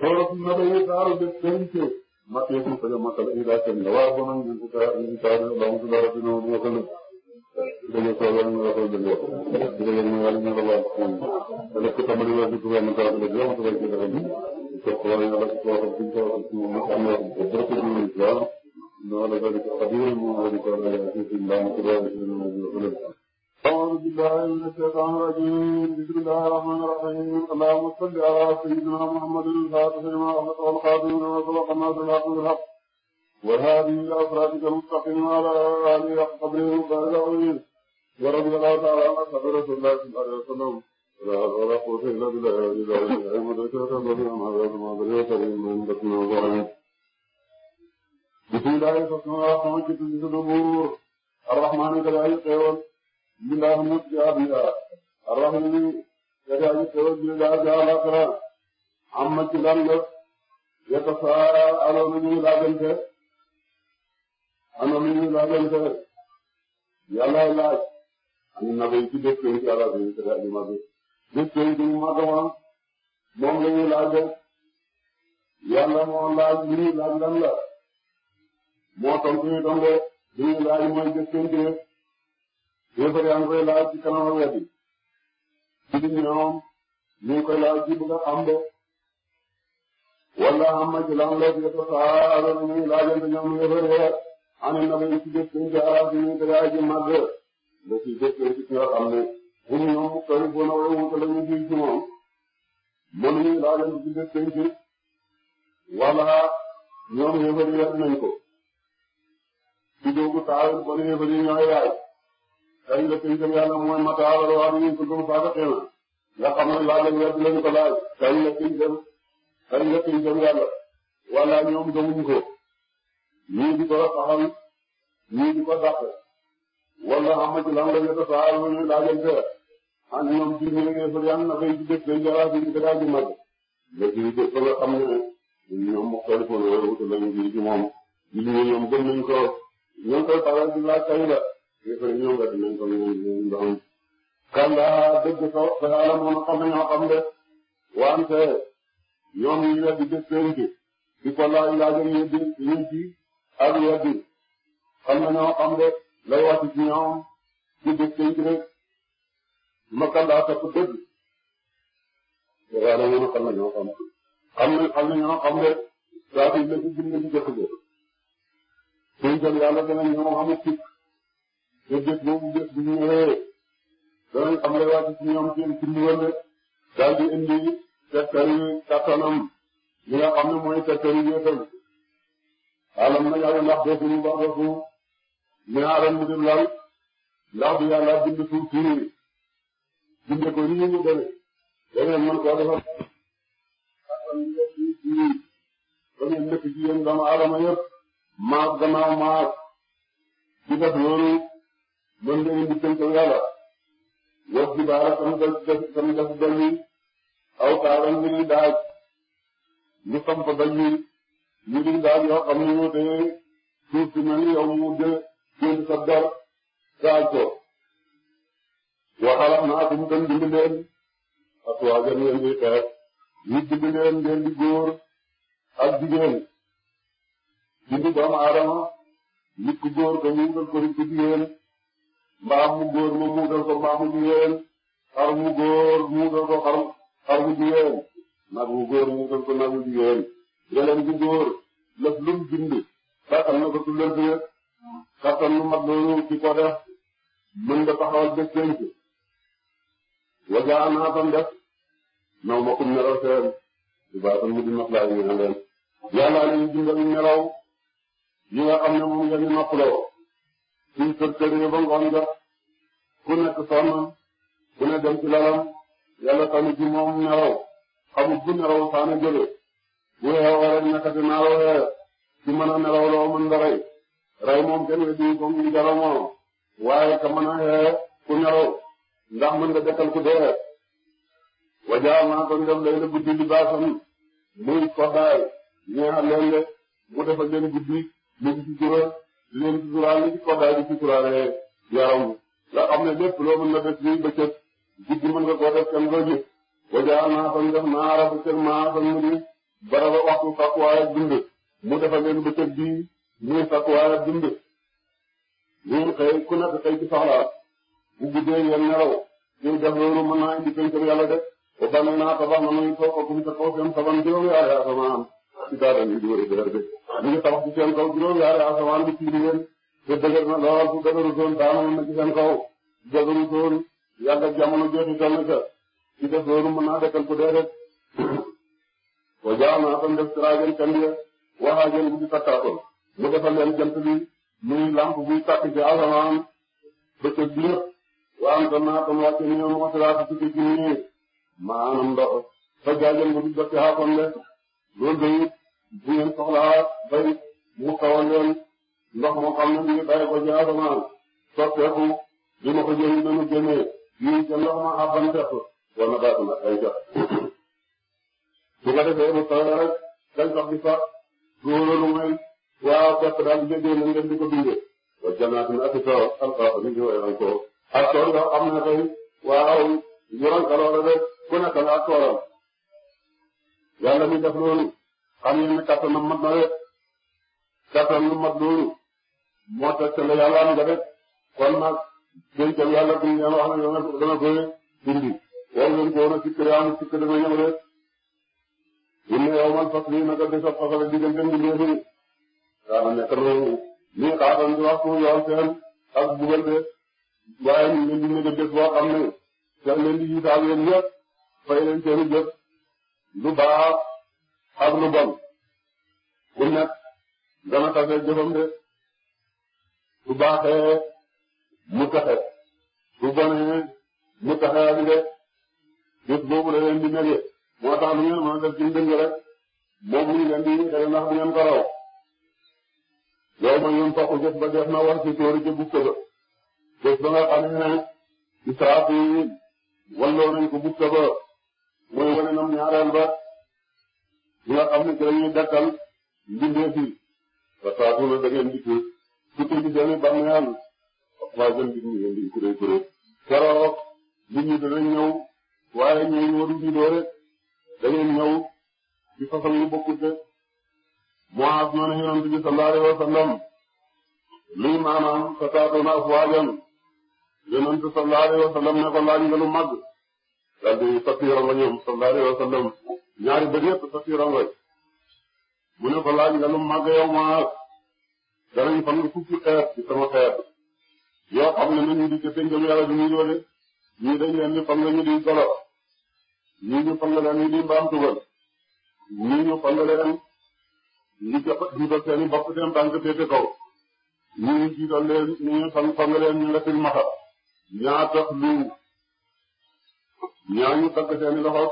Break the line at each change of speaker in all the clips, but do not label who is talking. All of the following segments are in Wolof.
soo na ba yee saaru de kente ma te ku fele ma kala ila ken la wa bonan ngi ta ngi ta na ba ngi dara dina mo ko lu de yo ko la ngi ko de yo de yo ngi wala ngi wala ko de ko ta mari wa ko wa ma ta de yo ma ta de ko ni ko ko la ko ko ko ko ko ko ma ta yo ko de ko ni wa no la ko ko ko mo ko ko la ko ni ba ko ko ko ko أعوذ بالله من الشيطان الرجيم بسم الله الرحمن الرحيم اللهم صل على سيدنا محمد الفاتح لما أغلق والقادم لما سبق الناس الحق بالحق والهادي إلى صراطك المستقيم وعلى آله حق قدره وبارك العظيم ورضي الله تعالى عن أصحاب رسول الله صلى الله عليه وسلم لا حول ولا قوة إلا بالله العلي العظيم العلم ذكرك الذي أنعم على ما بريت من بطن وظهر بسم الله الرحمن الرحيم الرحمن كتب الدبور الرحمن كذلك mindaa mut yaa bindaa arrahmi yadaaji toro bindaa jaa lakra amma ci lan la yata saa aloona ñu laajante anoona ñu laajante yàlla laaj ani na bay ci bés pénc yàlla bi te daaji ma bi bés pénc mu magama moom la ñu laaje yàlla moo laaj li ñu laaj lan la moo tontu ñu tontu li ñu laaj mooy bés pénc yéefar yaa ngi koy laaj ci kanamu weddi jullit ñi ñu ngi koy laaj ci bëgg a am lan la ci dafa saa la ñuy laajante ñoom yéefar ya ani na leen ci gis ci arab yi te yaa ji màgg la ci gis ci ci yoo xam ne ñun ñoom kër bu na la ñu jiw ci moom mënuñu laajante ci gis ci wala ñoom yéefar ya nañ ko ci doogu taal ba yéefar yi ñooy yaay ay njëkk yu jëm yàlla mooy matawal waaw ñun tuddum faata xëy na nga xam ne laaj la wér di leen ko laaj. ay ko ñii di ko saxal ñii di ko dàq wala xam nga ci lan la ñu def saa yoo ñu laajante ak ah ñoom jiw ñu ne ngeen fële yàlla na fay ci dëkk yi jaraaf yi ci daal di màgg. léegi yu jëm nga xam ne ñoom mu xool foofu la wala wutal la ñu ji ci moom ñoom gëm nañu ko ñoom koy faral di laaj kay yëppal ñoom rek nañ ko ñoom ñoom ñoom. Kalla dëgg ko te yàlla moom xam nañoo xam de wante ñoom ñu weddi bés seen bi di ko laaj laajal yëddi yëngu ci ak weddi xam nañoo xam de lay wàcc ci ñoom ci bés seen bi rek ma kalla topp dëgg te yàlla moom xam nañoo xam xam nañ xam nañoo xam de saa fi nekk dund ci jëkk ba. suñ jël yàlla dana ñoom xamul ci. te géej boobu géej ñu réeré danañ amalewaat ci ñoom seen tunduwal daal di indi tegtari kattanam li nga xam ne mooy na yàlla ndax dootuñu ba dootu ñaaral mu dem lal ndax du yàlla bind suuf si binde ko ni ñu demee
dangeen mën koo defal
kattan bi yëpp ci sii ba ngeen nekk ci yéen dama aadama yëpp maas gannaaw maas di def mën nga indi tënk yàlla wax bi baala tam def aw taaram li ñu daaj ñu xam ko ba ñu ñu ngi daaj yoo xam suuf si mel ni yow mu jë jënd sa dor daaj ko mu tam bind leen ak waa jëm yéen di xeet ñu bind leen ngeen di góor ak jigéen bind doomu aadama nit ku ko mu ngal mbaam mu góor mu muutal ko mbaam mu jigéen xar mu góor muutal ko xar xar mu jigéen nag mu góor muutal ko mu jigéen gëlëm gi góor lépp lu mu bind kattan na ko tullal bi kattan lu mat loolu ci ko def mën nga taxawal bés penc wajaa naa tam def naw ma kum nelaw seen ibaatam mu di nopp laa ñu leen yàlla lañu bindal nelaw yi nga xam ne moom ngeen di noppaloo suñ sër sër yi ku nekk sonn ku ne dem ci lalam yàlla xamu moom nelaw xamu ji nelaw saana jóge bu yeewoo rek nekkati nelaw yooya ci mën nelaw loo mën nga rey rey moom kenn nga ji comme ni waaye ka mën a ku nelaw ndax mën nga dekkal ku dee wajaa maa ko ndem lay la guddi li baasam muy koddaay ñeexal leen de mu defal leen guddi lu ci sutura leen suturaal li ci koddaay di suturaalee yaram nga xam ne lépp loo mën na def lii bëccëg guddi mën nga koo def kenn doo gis wajaa naa fan def naa rabu seen maa fan mu di baraba waxtu sakkuwaay ak dund mu defal leen bëccëg bi muy sakkuwaay ak dund ñun xëy ku nekk xëy ci soxlaa bu guddee ngeen nelaw ñun def loolu mën naa indi pencam yàlla def ba bànn naa tabax na muy toog akum sa kaw seen saban juróomi aari asamaan ci daadam yi di wër dër bi ñu ngi tabax ci seen kaw juróomi aari asamaan bi tiim leen te dëgër na lool su dëgëru doon daanu na ci seen kaw dëgëru doon yàgg ak jamono jooju toll na ca ci def loolu mën naa dekkal ku dee rek boo jaaxal de waxaajal bu ci takkaatoon mu defal bi muy lamp buy takk ci asamaan bëccëg bi lépp waaw tam naa tam wàcce nii moom moo traité ci kii nii maanaam ndox fa jaajal bu ci jot ci de loolu day bu ngeen bay mu xawoon ndox moo xam ne mu ngi bàyyi ko ci asamaan soppeeku li ma ko jëriñ na mu génnee lii ca ndox ma àbban fepp wala baatu na ay jot su ko defee mu tawee rek dañ sax di sax du wóorul mooy waaw fepp daal jógee na ngeen di ko bindee wa jannaatin ak taw alqaafa ni di wéyal ko ak tool nga am na tey waaw yoral ka loola rek ku nekk la ak toolam yàlla mi def loolu xam ngeen ne kattanam mat na rek kattan lu mat loolu moo tax te ne yàlla am nga def ne dana dana bëre indi war ngeen ko woon a sikk de am sikk dama ñëw inna yawmal fasli naka bés a fasale diggante mbindeef yi daana nekk noonu nii xaaral di waxtu yoon seen ak bugal de waaye lu baax ak lu bon ku nekk dana tase de su baaxee mu taxe su bonee mu la leen di mege moo tax lu ngeen mën a def ci dëng mu ngi leen di xëy ndax du ngeen ko raw yow ma yoon ba def na war ci tóori ca bukka ba nga xam ne Israafil walloo nañ ko bukka wane nam ñaareel ba nga xam ne ci la ñuy dakkal mbindeef yi ba saatu na da ngeen ci tënk doomi bàmmeel waaye gën di ñu indi kuréel kuréel waaye ñooy waru ñu doore dañuy ñëw ci façon yu bokkute Muaz ma ne yonent bi sallallahu alayhi wa sallam luy maanaam tataatuna afwaajan yonent ne ko nga lu màgg daal di satiiram nga ñoom sallallahu alayhi wa sallam ñaari nga mu ne ko danañ fan fukki xeer ci sama xeer yoo xam ne nañu di ci pénjam yàlla bi ñuy doole ñii di fang ñu di golo ñii ñu fang leen ñu di mbaam tugal ñii ñu fang leen ñu jot ñu dal seen bopp seen tànk féete kaw ñii ñu jiital leen ñu fang fang leen ñu lekk maxa ñaa tax lu ñaa ñu tagg seen loxo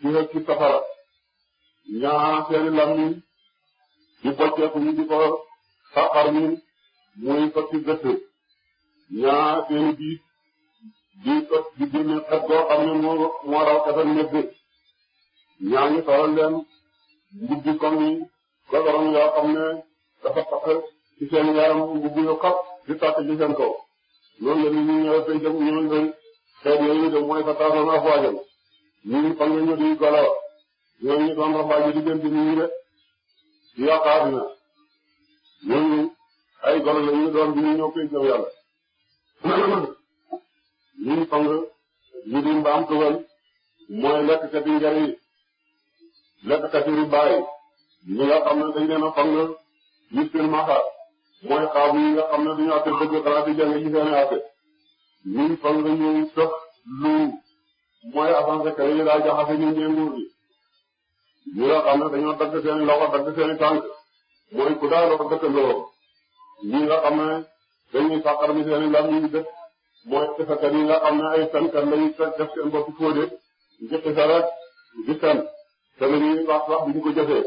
seen ci safara ñi nga xam seen lammiñ di bocceeku ñu di ko safar ñu muy sotti gëtt ñaa seen biit di sot di génne xet goo xam ne moo moo raw xeta ñaa ngi solal leen mbubbi comme yi godorom yoo xam ne dafa takk ci seen ci seen kaw noonu la nit ñi ñëw fay jëm
xeet yooyu de mooy
fa taasoo a foo jëm ñi fan nga di golo ñooñu doon roba ji diggante nit ñi de di yàq àdduna ay golo la doon bi ñu ñëw koy gëm yàlla ñun fang ñu di mbaam tugal mooy lekk kati lekk kati riba yi ñi nga xam ne dañ leen a fang miskin mooy xaabu yi nga xam ne dañu àtte bëgg xanaa di jàng ci seen ñun fang ñu sëx lu mooy avancé kër yi daa jaxase ñu ñee ñi nga xam ne dañoo dagg seen loxo dagg seen tànk mooy ku daaloo dëkkandoo ñi nga xam ne dañuy fàqar mi seen lam def mooy xisaka yi nga xam ne ay fenkan lañuy def seen bopp fóode di xisa rek di fen te lañuy wax wax duñ ko jëfee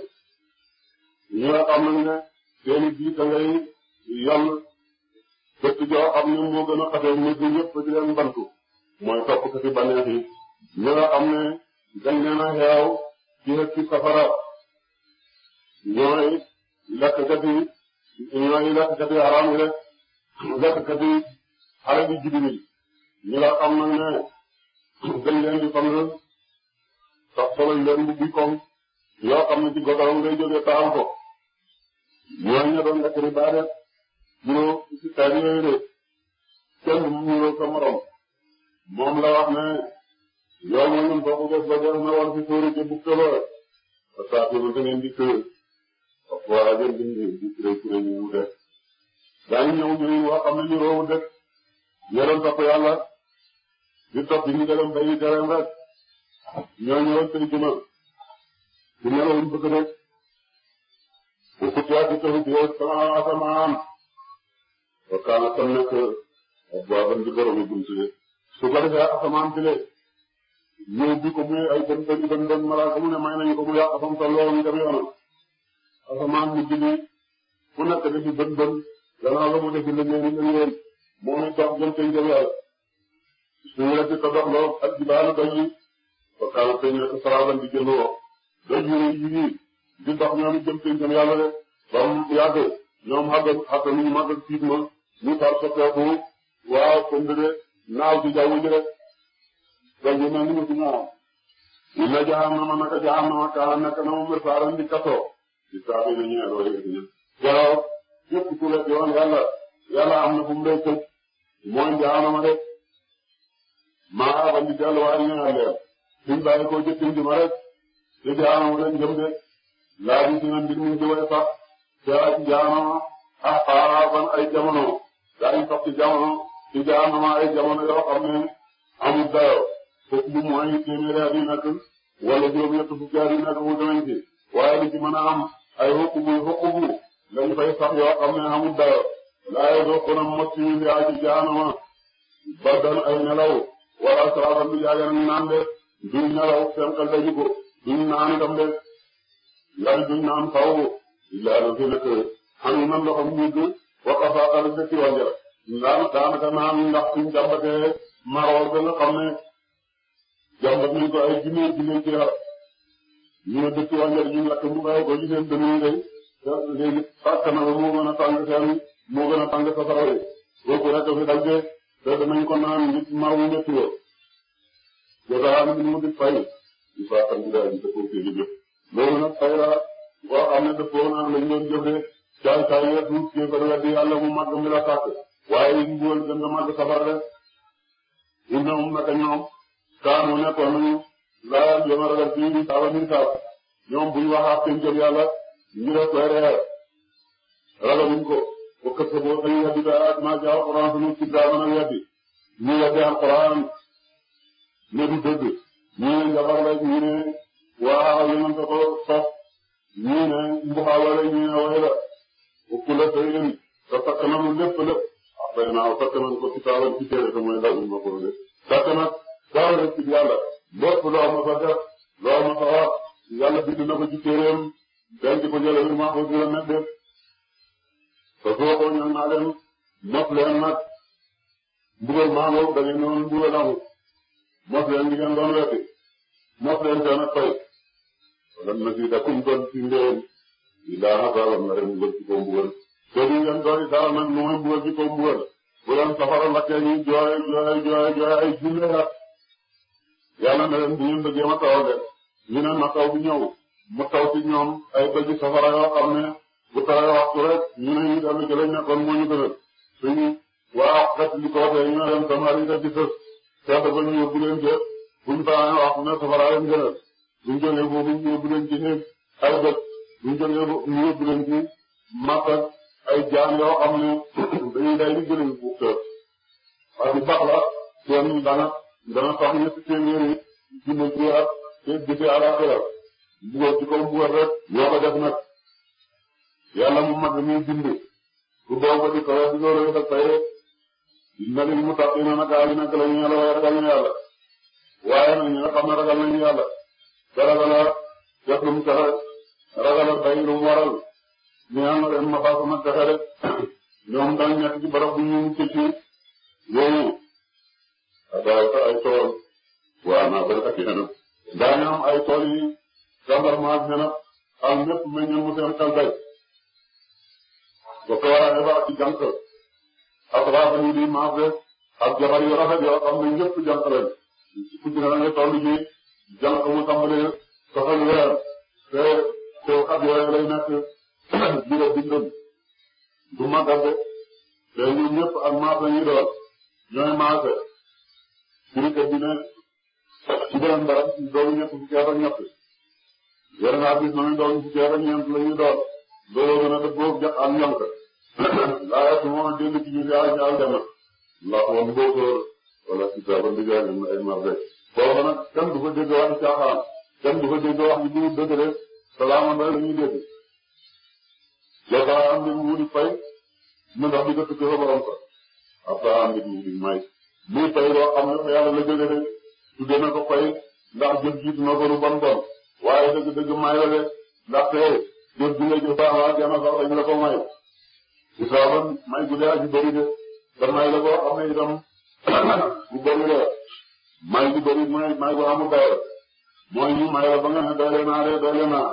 ñi nga xam nañ ne ngay yàll dëkk joo xam ne moo gën a xatee nit ñi ñëpp di leen bantu mooy topp ko ci yi ñi nga xam ne dañ leen a xeew ci nag ci safara ñooy lekkat yi ñooy lekkat yi haram yi rek lekkat yi xale bi jibini ñu la xam nag ne dañ leen di sonal sax soloñ leen bu bi koŋ yoo xam ne ci godorom ngay jógee taxam ko ñooy ña doon lekk ni baa def ñuroo si taaj yooyu de kenn mu ñuroo sa morom moom la wax ne yow ma ñun foofu bés na woon fi suuri ci bukk ba saa suuru te ngeen di kër ak waa di di kuré ñu mu def daañu ñu ne wax am nañu roowu dëkk ñoo doon di topp yi ñu deram bayi deram rek ñoo ñëw seen jëma ci melowuñ bëgg rek bu kutwaati tëru bi sama asamaan wa kaana tam nekk ak waa ban di borom buntu su ko defee asamaan bi léegi ñëw bi ko muy ay dem dem dem dem malaaka mu ne may nañu ko mu yàq fa mu tolloo ñu dem mu jigi ku nekk dafi bën bën la mu defi ñu leen moom it jëm seen jëm yàlla suñu la ci ko ak jibaana doy yi ba kaana seen nekk saraaban di jënd woo doy yi yi yi di jëm seen jëm ba mu yàgg ñu mag ak ma ñu tar soppeeku waaw comme de naaw di jaww doj yu ni mosu ñëwaat. illa jahannama naka jahannama kaa nekk na mu mirsaaran di kasoo. di saa fi ne ñu ne loolu yëpp ñëpp. keroog képp la na fu mu lay tëj. mooy jahannama rek. maa xaaral di delluwaat ñu ne leen. suñ bàyyi koo jëkkin di ma rek. te jahannama leen jëm de. laa bi dina mbir mi jiwee sax. te ak jahannama ah xaaral ah, ay ay jamono yoo xam ne amul dayoo. fukk bu mu wàññi téeméeri at yi nag wala juróom-ñett fukki at yi nag wute nañ ci waaye li ci mën a am ay xokk buy xokk bu lañ fay sax yoo xam ne amul dara laay doog kon am mot ci ñun yaa ci jaanama baddan ay nelaw wala saafara du jaage nañ naan de duñ nelaw seen xel dañu ko duñ naan itam de laaj duñ naan faaw illaa na fi nekk xam nga man loxo mujj wax a faafara dëkk yoo njëriñ a jàmbat nañ ko ay junne junne ci dara ñu dëkk wàññeeku ñu ngi lakk mu ko ci seen dënnu yi day léegi tàkk na gën a tàng seen moo gën a tàng safara yi kooku rek fi dal de te danañ ko naan nit mar wu ñetti la jotaam ni mu di fay ñu faa tàng daal di dëppoo seen i jëf loolu nag fay la boo xam ne dëppoo naan lañ doon jëf de caay caay ya tuut ci ko weddi yàlla mu màgg mi la tàkk waaye ñu gën a màgg safara de inna um naka ñoom kaanu nekkoon laa yéen a ragal fii di taaba min taaba ñoom bu ñu waxaat pencam yàlla ñu def koy reer ragaluñ ko ba kër sa bopp dañuy yàgg daal ak maa jaaw alxuraan suñu ci daa mën a yàgg ñu yàggee alxuraan ne du dëgg ñu ne njabar la ñu ne waaw yéen a ko sox ñu ne mbuxaala la ñu ne way la ëpp la say leen te takk na mu lépp lépp après ah, naa takk nañ ko ci taabal ci téere te mooy dawul ma ko def rek ci yàlla lépp loo ma fa def loo ma fa wax yàlla bind na ko ci téeréem denc ko jële bi maa ko gën a nekk te soo ko ñëw naa leen mos leen nag mbugal maa ngoog da ngeen ñëwoon mbugal amul mos leen di ngeen doon wetti mos leen seen ak fay lan na si dakum doon si ndéem illaa xasaaroon na leen mbugal ci kaw mbugal te du ngeen doon dara nag lu may mbugal ci kaw mbugal bu leen safara lakkee ñuy jooy jooy jooy jooy ay junne at yàlla na leen bu ngeen bëggee ma tawal de ñu ne ma taw bi ñëw mu taw ñoom ay bëj safara yoo xam ne bu tawee waxtu rek ñu ne ñu dellu ci lañ nekkoon moo ñu gënal waa xet li ko waxee ñu ne leen sama yi dañ ci sës sedd ba ñu yóbbu leen jë buñ faa wax ne safara leen gënal buñ jógee boobu ñu ñu yóbbu ay jaan yoo xam ne dañuy day di bu kër ak baax la seen dana dana tax ñetti téeméer yi dina ci ak te dëgg alaxira mbugal ci kaw mbugal rek yoo ko def nag mu mag mi bind ku doom ko di kawe di loolu rek ak tey dina leen mu tax dina nag aay nag la ñu yàlla waaye ragal ñu yàlla waaye ragala def lu mu taxe ragala bay lu mu waral ñu am ma baax ma taxe rek ñoom dañ nekk ci barab bu ñu mucc ci yooyu daaw ay tool waaw naa bëri ak xenab daañu ay tool yi gendarme ak xenab am lépp mu seen xel bay ba ko war a defar ci jànq asraaf yi di marché ak jabar yu rafet yoo xam ne ne nga toll mu tàmbalee soxal weer te te xat yooyu lay nekk di la yi doon ñooy marché ci beneen barab doomu ñett fukki at ak ñett yore naa gis na ne doomu fukki la ñuy door looloo gën a dëppoo ja ak ñoom laa moom a dégg ci biir yàlla ci aljana ndax woon boo wala si saa ba liggéey ak ay marbe foofu nag kenn du ko dégg wax ci caaxaan kenn du ko dégg wax ci biir dëgg rek salaama fay mu ndax di ko tukkee ba borom ko ab saa am nañu wuti may. lii tey xam ne fa la jóge de tudde na ko koy ndax jëf ji dina ko lu bon bon waaye dëgg-dëgg may la de ndaxte jëf ji nga jëf baax waa gën a sax dañ la ko may isaaban may gu dee ak yu de te may la xam ne itam bu bëri la may gu bëri may gu amul dayo mooy ñu may ba nga ne naa de doyle naa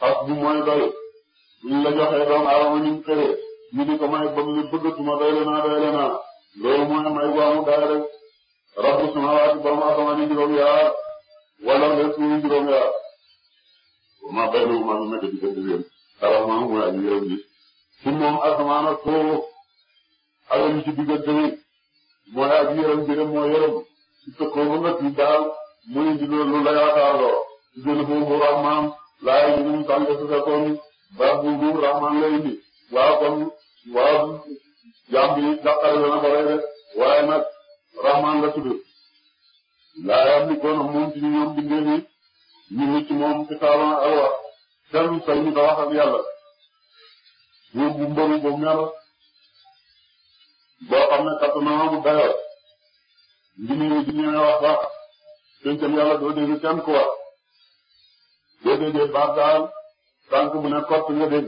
parce que bu mooy doy ñu la joxee doomu aadama ñu xëyee ñu di ko may ba mu ne bëggatuma doyle naa doyle naa loolu mooy may bu amul dara rek rabbu samaawaati borom asamaan yi juróom yaar wala les suuf juróom yaar maa benn wu maa ngi nekk di ko di leen xalaat maa ngi mooy ak yéen bi ci moom asamaan ak suuf ak li ci diggante bi mooy ak yéen bi rek mooy yërëm ci sa kaw ba nga ci daal mu indi loolu la yaakaaroo ci gën a foofu rahmaan laay bi ñu tànn sa sa kaw ni baax bu rahmaan lay indi waaw kon waaw. jaam bi gàttal yoona ba rey la tudd laa yam li koona moom ñoom bindee ni ñu mucc moom ci taaroon ak wax kenn sañ ñu ta wax ak yàlla yóbbu boo xam ne kattanama bu dayoo ndimiri di wax sax pencam yàlla doo dégg kenn ku wax doo déggee baat daal tànk bu ne kott nga dégg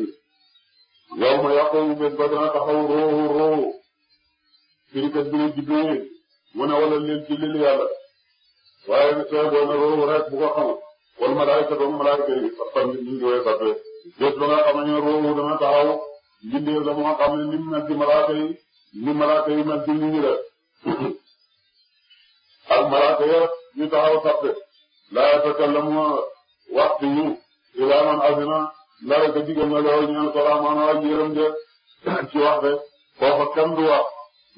yow ma yàqoowu bés ba dana taxaw roowu roowu firikat bi ne wala leen ci lili yàlla waaye ne tee boo rek bu ko wala malaayika doon malaayika yi fan ñu ngi woy sappe bés ba nga xam dana taxaw mbindee la mu nga xam ne ni mu mel yi ni yi mel ci nit ñi rek ak malaaka yëpp ñu taxaw sappe lare ko digal na lool ñaan ko rahmaana ak yërëm ci wax de foofa kenn du wax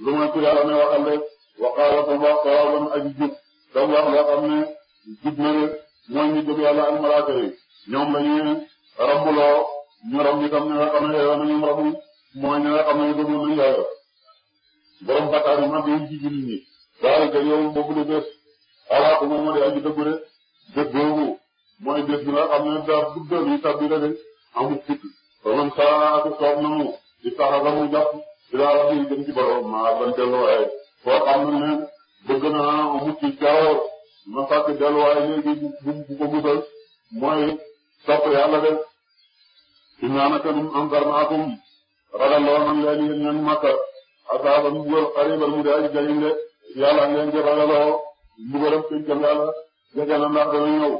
lu ma ci yàlla ne waxal de waxaala tam wax sawaaban aji jub tam wax loo ne jub na mooy ñu jub yàlla ak malaaka yi ñoom la ñu ñu ramb itam ña nga xam ne yow nañu rabu mooy ña nga xam ne dëgg nañu yàlla borom bakkaar yi mag yi jigi nit ka yow boobu de bés alaako moom moo aji dëggu de bés boobu mooy bés bi nga ne daa duggal yi tabbi de amul sikk faman saa ko soob na mu di taxa la mu jàpp di laa wax yi jëm ci borom maa ban delluwaay koo xam ne bëgg naa mucc jaww na fàkk delluwaay léegi bu ko musal mooy sopp yàlla de inaanakanum anzarnaakum ragal loo man leen yéen ñan makka asaaban mbugal xariban mu daal jariñ de yàlla ngeen di ragaloo mbugalam péncam yàlla jege na ndax dana ñëw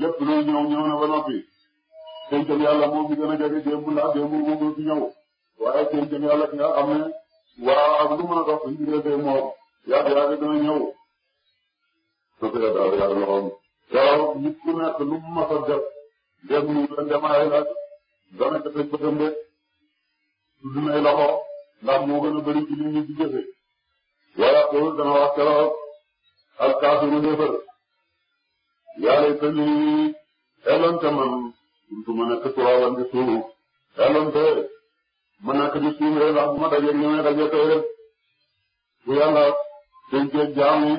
lépp luy ñëw ñëw na ba noppi pencam yàlla moom mi gën a jege démb la démb moom fi ñëw waaye pencam yàlla ki nga xam ne waaw ak lu mën a dox suñu diggante moom yàgg yàgg dana ñëw. su fekkee daal yàlla loxoom. waaw nit ku nekk lu mu mës a def démb lu doon demaay laaj dana ca teg bëtam de tudd nay loxo ndax moo gën a bëri ci li ñu ci jëfe wala kóol dana wax keroog ak kaasu mu néefar yàlla itam ni elon ca man buntu ma nekk turaban di di suunu rek ndax bu ma dajeeg ñu may daje tey rek bu yàlla denceeg jaam yi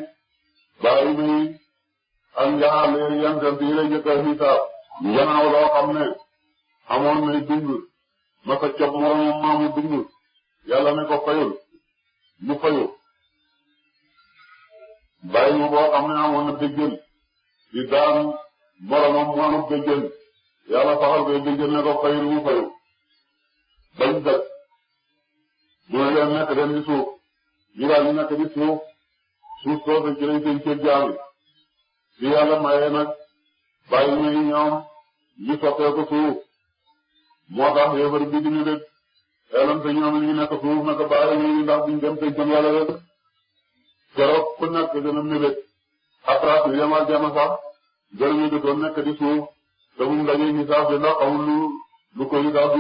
bàyyi muy ak njaxaale yantante yi lay jëkk a xisaab gannaaw loo xam ne amoon nay dund masa cob moromam maamu dund ko fayul mu fayu bàyyi mu boo ne amoon na béjjën di daan moromam maanu béjjën yàlla saxal koy diggal ne ko fayu mu fayu bañ dëkk mu ne leen nekk dem di suuf ñu daal ñu nekk di suuf suuf soosu ci lañ seen cër jaam bi yàlla mayee nag bàyyi may ñoom ñu soppee ko suuf moo tax yéefar bi di ñu dëkk elam te ñoom ñu nekk suuf naka bàyyi ñu ndax duñ dem te jëm a mébét après yama jama sax gën a mébétoon nekk di suuf te moom dañuy gisaaf de ndax amul lu lu ko gisaaf